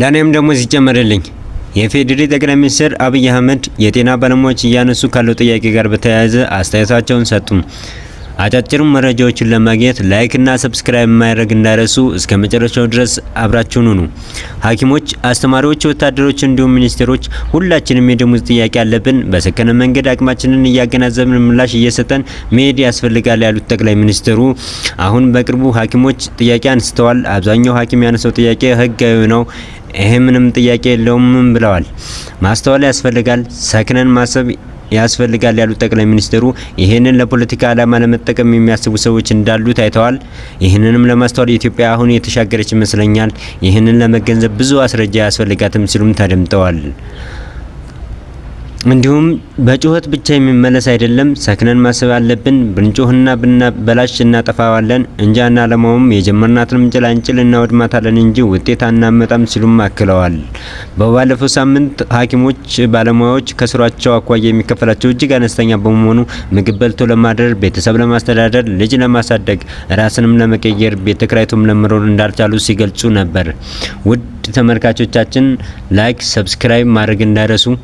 ለእኔም ደግሞ ሲጨመርልኝ የፌዴሬ ጠቅላይ ሚኒስትር አብይ አህመድ የጤና ባለሙያዎች እያነሱ ካለው ጥያቄ ጋር በተያያዘ አስተያየታቸውን ሰጡም። አጫጭር መረጃዎችን ለማግኘት ላይክና ሰብስክራይብ ማድረግ እንዳይረሱ። እስከ መጨረሻው ድረስ አብራችሁን ሁኑ። ሐኪሞች፣ አስተማሪዎች፣ ወታደሮች እንዲሁም ሚኒስቴሮች ሁላችንም የደሞዝ ጥያቄ አለብን። በሰከነ መንገድ አቅማችንን እያገናዘብን ምላሽ እየሰጠን መሄድ ያስፈልጋል ያሉት ጠቅላይ ሚኒስትሩ አሁን በቅርቡ ሐኪሞች ጥያቄ አንስተዋል። አብዛኛው ሐኪም ያነሰው ጥያቄ ህጋዊ ነው ይሄ ምንም ጥያቄ የለውም ብለዋል። ማስተዋል ያስፈልጋል፣ ሰክነን ማሰብ ያስፈልጋል ያሉት ጠቅላይ ሚኒስትሩ ይህንን ለፖለቲካ ዓላማ ለመጠቀም የሚያስቡ ሰዎች እንዳሉ ታይተዋል። ይህንንም ለማስተዋል ኢትዮጵያ አሁን የተሻገረች ይመስለኛል። ይህንን ለመገንዘብ ብዙ አስረጃ ያስፈልጋትም ሲሉም ተደምጠዋል። እንዲሁም በጩኸት ብቻ የሚመለስ አይደለም። ሰክነን ማሰብ አለብን። ብንጮህና ብናበላሽ እናጠፋዋለን። እንጂ አናለማውም፣ የጀመርናትንም ጭላንጭል እናወድማታለን እንጂ ውጤት አናመጣም ሲሉም አክለዋል። በባለፈው ሳምንት ሐኪሞች ባለሙያዎች ከስራቸው አኳያ የሚከፈላቸው እጅግ አነስተኛ በመሆኑ ምግብ በልቶ ለማደር፣ ቤተሰብ ለማስተዳደር፣ ልጅ ለማሳደግ፣ ራስንም ለመቀየር፣ ቤት ተከራይቶም ለመኖር እንዳልቻሉ ሲገልጹ ነበር። ውድ ተመልካቾቻችን ላይክ፣ ሰብስክራይብ ማድረግ እንዳይረሱ።